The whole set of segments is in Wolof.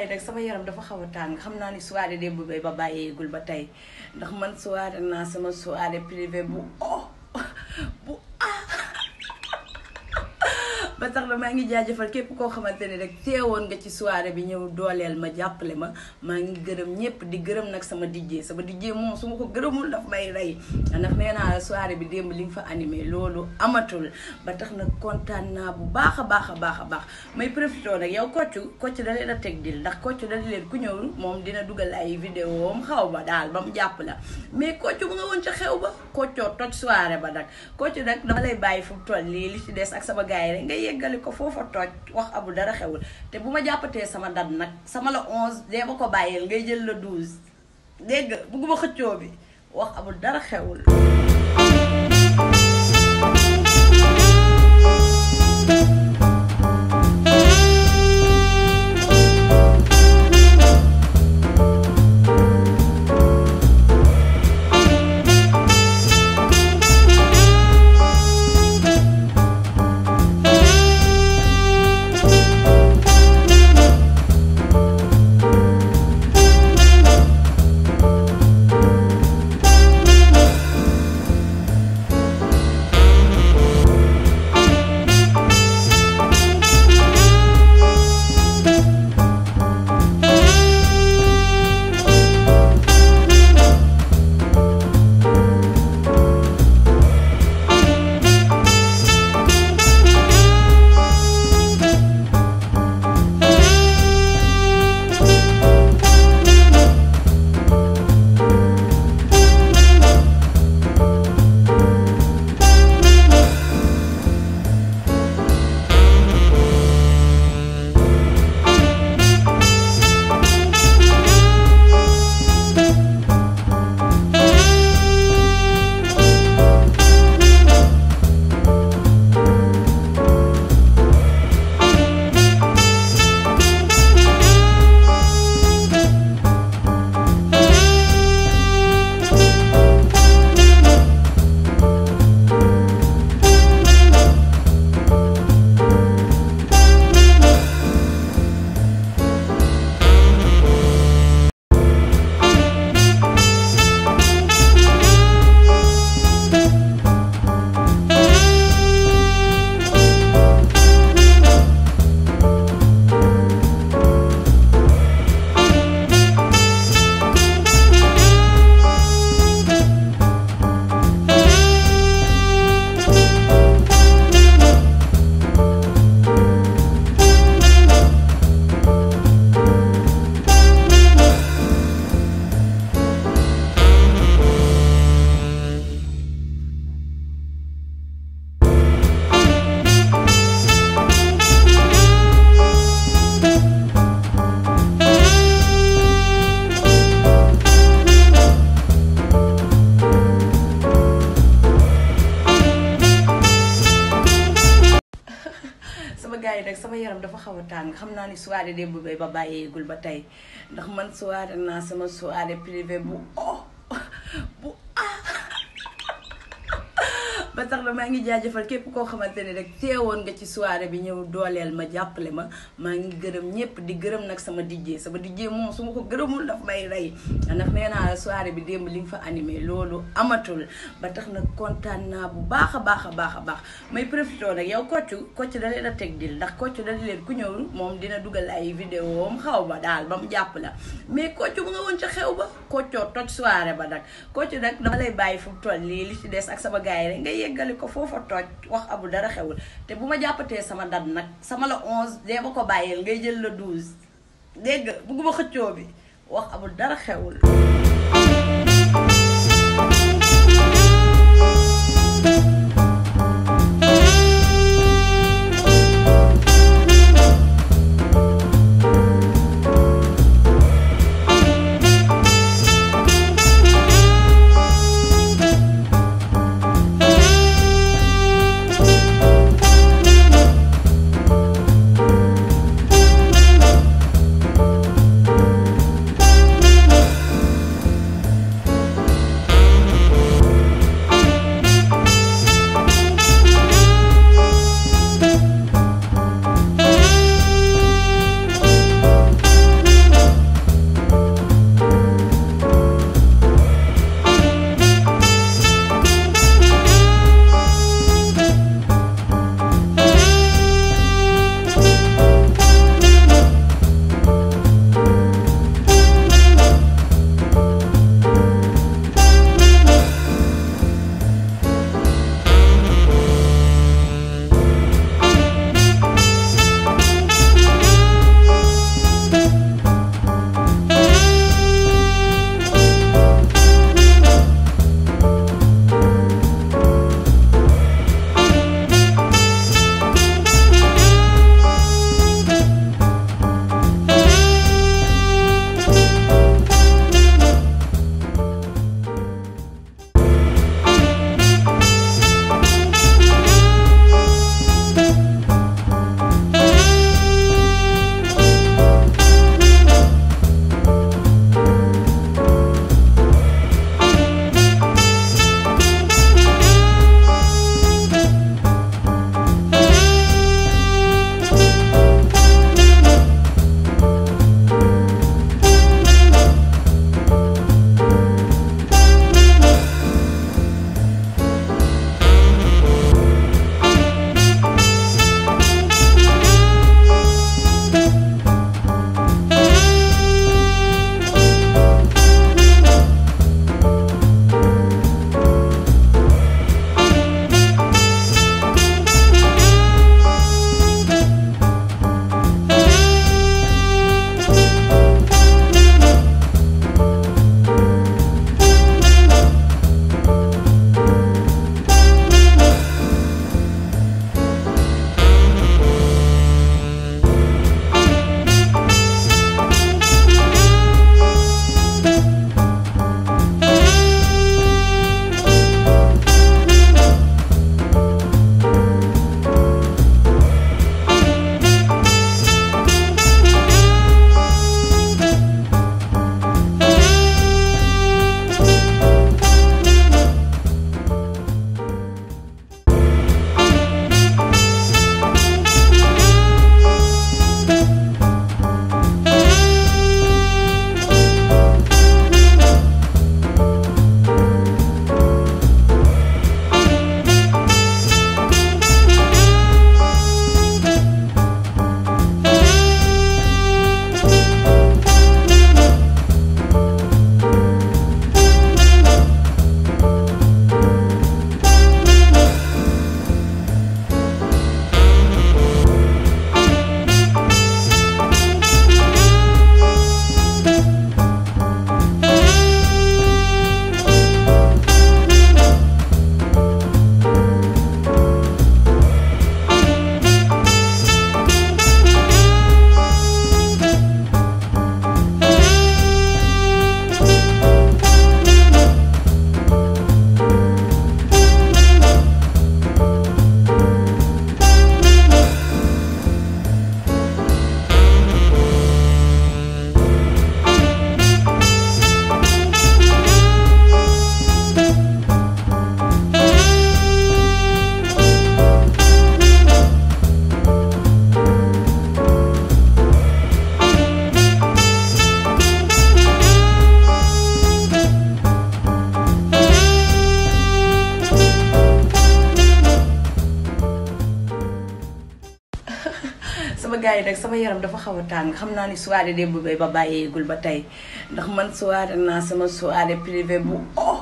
tey rek sama yaram dafa xaw a tàng xam naa ni bu bay ba bàyyeegul ba tey ndax man soirée naa sama soirée privée bu oh ba tax na maa ngi jaajëfal képp koo xamante ne rek teewoon nga ci soirée bi ñëw dooleel ma jàppale ma maa ngi gërëm ñëpp di gërëm nag sama DJ sama DJ moom su ma ko gërëmul daf may rey ndax nee naa la soirée bi démb li nga fa animé loolu amatul ba tax na kontaan naa bu baax a baax a baax a baax may profité nag yow koccu koccu da leen a teg dil ndax koccu da leen ku ñëw moom dina dugal ay vidéo am xaw ma daal ba mu jàpp la mais koccu bu nga woon ca xew ba koccoo toj soirée ba nag koccu nag dama lay bàyyi fu mu toll lii li ci des ak sama gars yi rek yeggali ko foofa toog wax abu dara xewul te bu ma jàppatee sama date nag sama la onze dee ma ko bàyyeel ngay jël la 12 dégg nga bugguma xëccoo bi wax abu dara xewul gars yi sama yaram dafa xaw a tàng xam naa ni soirée de bu ba bàyyeegul ba tey ndax man soirée naa sama soirée privée bu tax na maa ngi jaajëfal képp koo xamante ne rek teewoon nga ci soirée bi ñëw dooleel ma jàppale ma maa ngi gërëm ñëpp di gërëm nag sama DJ sama DJ moom su ma ko gërëmul daf may rey ndax nee naa soirée bi démb li nga fa animé loolu amatul ba tax na kontaan naa bu baax a baax a baax a baax may profité nag yow kocc kocc da leen a teg dil ndax kocc da leen ku ñëw moom dina dugal ay vidéo am xaw ma daal ba jàpp la mais kocc bu nga woon ca xew ba koccoo toj soirée ba nag kocc nag dama lay bàyyi fu mu toll nii li ci des ak sama gars yi rek nga yegg eggali ko foofa tooj wax abu dara xewul te bu ma jàppatee sama date nag sama la onze dee ma ko bàyyil ngay jël la 12 dégg nga bugguma xëccoo bi wax abu dara xewul. tey sama yaram dafa xaw a tàng xam naa ni de bu bay ba gul ba tey ndax man soirée naa sama soirée privée bu oh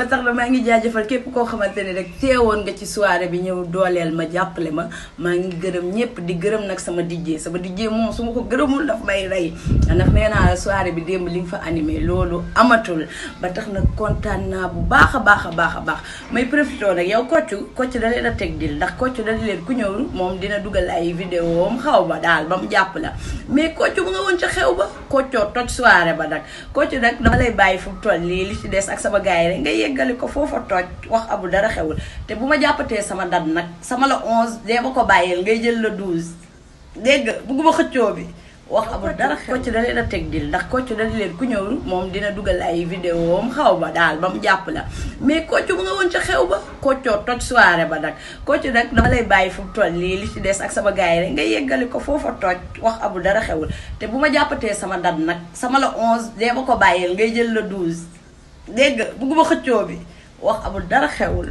ba tax na maa ngi jaajëfal képp koo xamante ne rek teewoon nga ci soirée bi ñëw dooleel ma jàppale ma maa ngi gërëm ñëpp di gërëm nag sama DJ sama DJ moom su ma ko gërëmul daf may rey ndax nee naa soirée bi démb li nga fa animé loolu amatul ba tax na kontaan naa bu baax a baax a baax a baax may profité nag yow koccu koccu da leen teg dil ndax koccu da leen ku ñëw moom dina dugal ay vidéo am xaw ma daal ba mu jàpp la mais koccu bu nga woon ca xew ba koccoo toj soirée ba nag koccu nag lay bàyyi fu mu toll nii li ci des ak sama gars yi rek nga yeggali ko foofa tooj wax abu dara xewul te bu ma jàppatee sama date nag sama la 11 dee ma ko bàyyeel ngay jël la 12 dégg nga bugguma xëccoo bi. wax amul dara kocc da leen a teg dil ndax kocc da leen ku ñëw moom dina dugal ay vidéo xaw ma daal ba jàpp la mais kocc ca xew ba koccoo toj ba nag kocc nag dama lay bàyyi fu mu lii li ci des ak sama gars yi rek nga yeggali ko foofa toj wax amul dara xewul te bu ma jàppatee sama date nag sama la onze dee ma ko bàyyeel ngay jël la 12 dégg nga bugguma xëccoo bi wax amul dara xewul